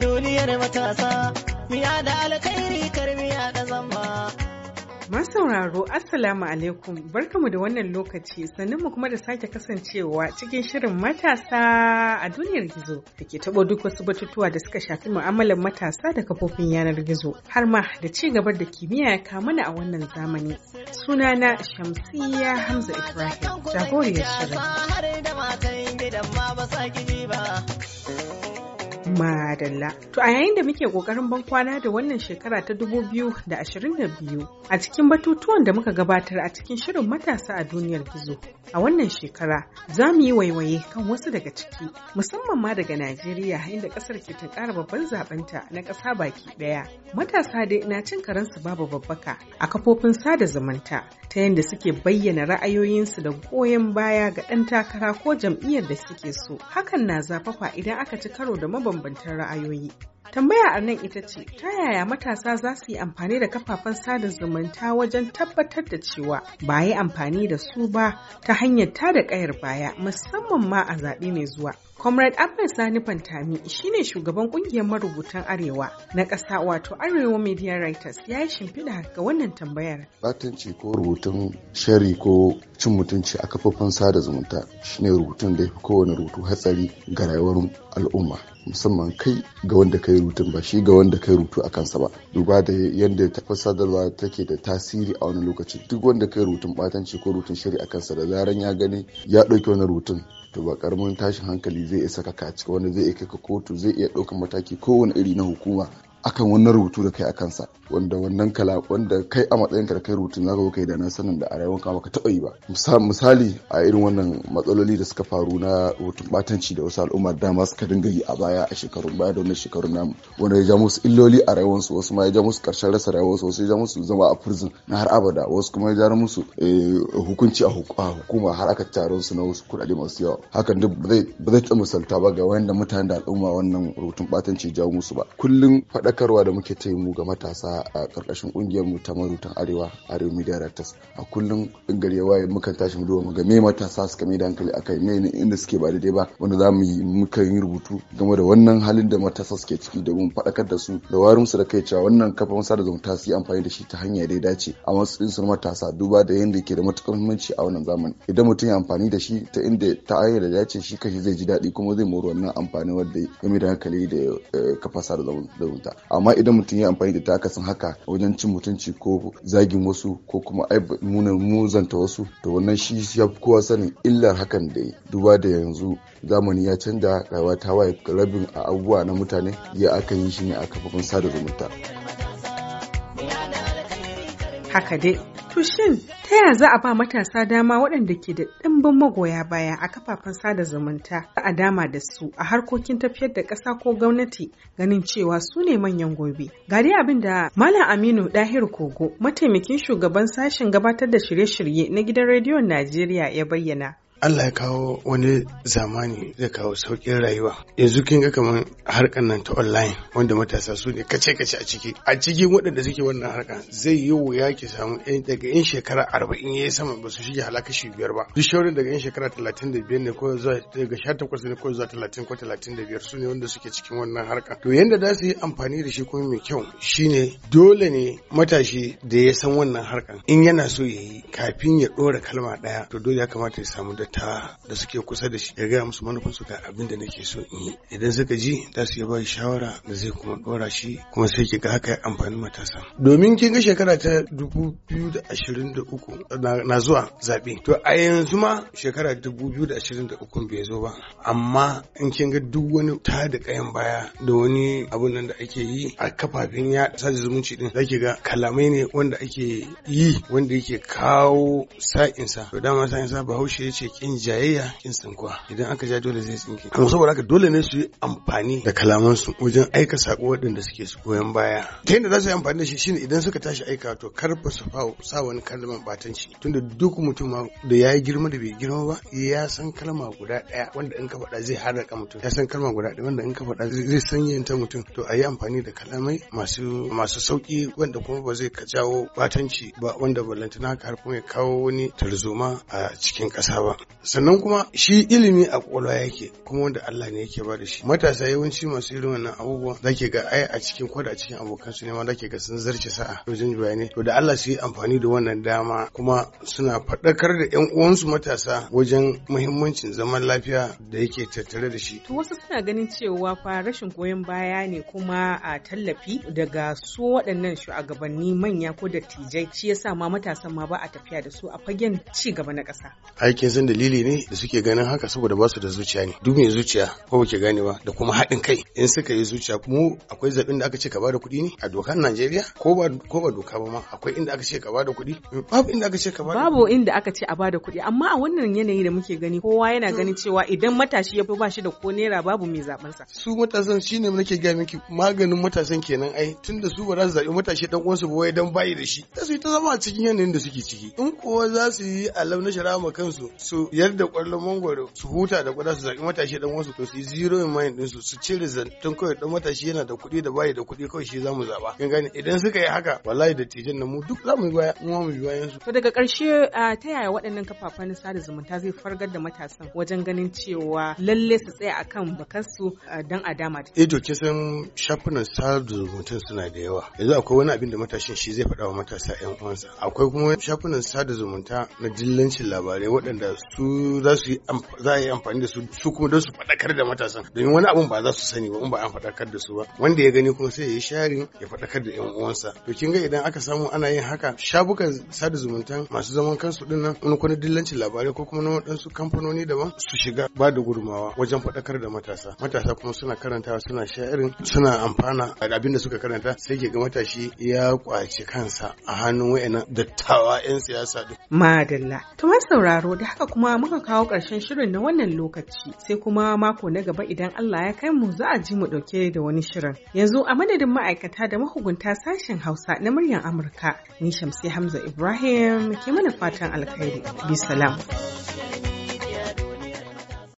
duniyar matasa miya da alkhairi karmiya da zamba. Masauraro Assalamu alaikum barkamu da wannan lokaci sannan mu kuma da sake kasancewa cikin shirin matasa a duniyar gizo da ke taɓo duk wasu batutuwa da suka shafi mu'amalar matasa da kafofin yanar gizo har ma da ci gabar da kimiyya ya mana a wannan zamani. Sunana Shamsiyya Hamza Ibrahim jagoriyar shirin. Madalla. To a yayin da muke ƙoƙarin ban kwana da wannan shekara ta dubu biyu da da ashirin biyu a cikin batutuwan da muka gabatar a cikin shirin matasa a duniyar gizo. A wannan shekara za mu yi waiwaye kan wasu daga ciki musamman ma daga Najeriya inda ƙasar ke ta kara babban ta na ƙasa baki ɗaya. Matasa dai na cin karansu babu babbaka a kafofin sada zumunta ta yadda suke bayyana ra'ayoyinsu da goyon baya ga ɗan takara ko jam'iyyar da suke so hakan na zafafa idan aka ci karo da mabambantan ra'ayoyi tambaya a nan ita ce ta yaya matasa za su yi amfani da kafafen sada zumunta wajen tabbatar da cewa ba yi amfani da su ba ta hanyar tada kayar baya musamman ma a zaɓe mai zuwa Comrade Abbas Sani Fantami ne shugaban kungiyar marubutan Arewa na ƙasa wato Arewa Media Writers ya yi shimfiɗa ga wannan tambayar. Batanci ko rubutun shari ko cin mutunci a kafafen sada zumunta shine rubutun da ya fi kowane rubutu hatsari ga rayuwar al'umma. musamman kai ga wanda kai rutun ba shi ga wanda kai rutu a kansa ba duba da yadda tafi sadarwa take da tasiri a wani lokaci duk wanda kai rutun batanci ko rutun shiri a kansa da zaran ya gani ya ɗauki wani rutun to ba karamin tashin hankali zai iya saka ka cikin wanda zai iya kai ka kotu zai iya ɗaukan mataki kowane iri na hukuma akan wannan rubutu da kai a kansa wanda wannan kala wanda kai a matsayinka da kai rubutun zaka kai da nan sanin da a rayuwarka baka taba yi ba misali a irin wannan matsaloli da suka faru na rubutun batanci da wasu al'umma dama suka dinga yi a baya a shekarun baya da wannan shekarun namu wanda ya ja musu illoli a rayuwarsu wasu ma ya ja musu karshen rasa rayuwarsu wasu ya ja musu zama a prison na har abada wasu kuma ya ja musu eh, hukunci a hukuma har aka taron su na wasu kuɗaɗe masu yawa hakan duk ba zai ta misalta ba ga wanda mutanen da al'umma wannan rubutun batanci ya ja musu ba kullum faɗa sadakarwa da muke ta mu ga matasa a ƙarƙashin kungiyar mu ta marutan arewa arewa media directors a kullum in gari ya waye mukan tashi mu duba mu ga me matasa suka mai da hankali akai me ne inda suke ba daidai ba wanda za mu yi muka yi rubutu game da wannan halin da matasa suke ciki domin faɗakar da su da warin su da kai cewa wannan kafan sada zumunta su yi amfani da shi ta hanya da ya dace a matsayin su matasa duba da yadda ke da matuƙar muhimmanci a wannan zamani idan mutum ya amfani da shi ta inda ta hanyar da dace shi kashi zai ji daɗi kuma zai mori wannan amfani wadda ya mai da hankali da eh, kafa sada zumunta amma idan mutum ya amfani da takasin haka wajen cin mutunci ko zagin wasu ko kuma nuna muzanta wasu to wannan shi ya fi kowa sanin illar hakan da duba da yanzu zamani ya canja rayuwa ta waye rabin a abubuwa na mutane ya aka yi shi ne a kafafin sada zumunta haka dai To shin ta ya za a ba matasa dama waɗanda ke da ɗimbin magoya baya a kafafen sada zumunta za a dama da su a harkokin tafiyar da ƙasa ko gwamnati ganin cewa su ne manyan gobe. Ga dai abin da Malam Aminu Dahir Kogo mataimakin shugaban sashen gabatar da shirye-shirye na gidan rediyon Najeriya ya bayyana. Allah ya kawo wani zamani zai kawo sauƙin rayuwa yanzu kin ga kamar harkar nan ta online wanda matasa su ne kace kace a ciki a cikin waɗanda suke wannan harkar zai yi wuya ki samu ɗan daga yan shekara arba'in ya yi sama ba su shige shi biyar ba duk shaurin daga yan shekara talatin da biyar ne ko zuwa daga sha takwas ne ko zuwa talatin ko talatin da biyar su ne wanda suke cikin wannan harkar to yanda za su yi amfani da shi kuma mai kyau shine dole ne matashi da ya san wannan harkar in yana so ya yi kafin ya ɗora kalma ɗaya to dole ya kamata ya samu da Ta da suke kusa da shi ya gaya musu manufansu ga abin da nake so in yi idan suka ji za su iya shawara da zai kuma dora shi kuma sai ki ga haka ya amfani matasa domin kin ga shekara ta 2023 na zuwa zabe to a yanzu ma shekara 2023 bai zo ba amma in kin ga duk wani ta da kayan baya da wani abun nan da ake yi a kafafen ya Sadi zumunci din zaki ga kalamai ne wanda ake yi wanda yake kawo sa'insa to dama sa'insa bahaushe ya ce kin jayayya kin sankuwa, idan aka ja dole zai tsinke amma saboda haka dole ne su yi amfani da kalaman su wajen aika sako waɗanda suke su goyon baya ta yadda za su yi amfani da shi shine idan suka tashi aika to karfa su sa wani kalman batanci tunda duk mutum da ya yi girma da bai girma ba ya san kalma guda ɗaya wanda in ka faɗa zai haraka mutum ya san kalma guda ɗaya wanda in ka faɗa zai sanyanta mutum to a yi amfani da kalamai masu masu sauki wanda kuma ba zai jawo batanci ba wanda ballantana ka har mai kawo wani tarzoma a cikin ƙasa ba sannan kuma shi ilimi a kwakwalwa yake kuma wanda Allah ne yake bada da shi matasa yawanci masu irin wannan abubuwa zake ga ai a cikin kwada a cikin abokan su ne ma zake ga sun zarce sa'a wajen bayanai to da Allah su yi amfani da wannan dama kuma suna faɗakar da ƴan uwansu matasa wajen muhimmancin zaman lafiya da yake tattare da shi to wasu suna ganin cewa fa rashin koyon baya ne kuma a tallafi daga su waɗannan shugabanni manya ko dattijai shi yasa ma matasan ma ba a tafiya da su a fagen ci gaba na ƙasa aikin sun da dalili ne da suke ganin haka saboda ba su da zuciya ne duk mai zuciya ko ba ke gane ba da kuma haɗin kai in suka yi zuciya mu akwai zaɓin da aka ce ka bada kuɗi ne a dokar Najeriya ko ba ko ba doka ba ma akwai inda aka ce ka bada kuɗi mm, babu inda aka ce ka bada babu inda aka ce a bada kuɗi amma a wannan yanayi da muke gani kowa yana ganin cewa idan matashi ya fi ba shi da ko naira babu mai zaɓen sa su matasan shine nake gaya miki maganin matasan kenan ai tunda su ba za su zaɓi matashi dan uwansu ba wai dan bayi da shi za su yi ta zama a cikin yanayin da suke ciki in kowa za su yi alam na shara ma kansu su yadda kwallon mangwaro su huta da kuɗa su zaki matashi dan wasu to su yi zero in mind din su su cire tun kawai dan matashi yana da kuɗi da bayi da kuɗi kawai shi zamu zaɓa kin gane idan suka yi haka wallahi da tijin na mu duk zamu yi baya mu mu yi bayan su to daga ƙarshe ta yaya waɗannan kafafen sada zumunta zai fargar da matasan wajen ganin cewa lalle su tsaya akan su dan a dama eh to kin san shafunan sada zumunta suna da yawa yanzu akwai wani abin da matashin shi zai faɗa wa matasa 'yan uwansa akwai kuma shafunan sada zumunta na dillancin labarai waɗanda su za su yi amfani da su su kuma don su faɗakar da matasan domin wani abun ba za su sani ba in ba an faɗakar da su ba wanda ya gani kuma sai ya yi sharin ya faɗakar da yan uwansa to kin ga idan aka samu ana yin haka shabukan sada zumunta masu zaman kansu din nan wani kuma dillancin labarai ko kuma na waɗansu kamfanoni daban su shiga ba da gudumawa wajen faɗakar da matasa matasa kuma suna karanta suna sharin suna amfana da abin da suka karanta sai ke ga matashi ya kwaci kansa a hannun wayannan dattawa 'yan siyasa din madalla to sauraro da haka kuma kuma muka kawo ƙarshen shirin na wannan lokaci sai kuma mako na gaba idan Allah ya kai mu za a ji mu ɗauke da wani shirin. Yanzu a madadin ma'aikata da mahugunta sashen Hausa na muryar Amurka ni Shamsi Hamza Ibrahim ke mana fatan alkhairi. Bi salam.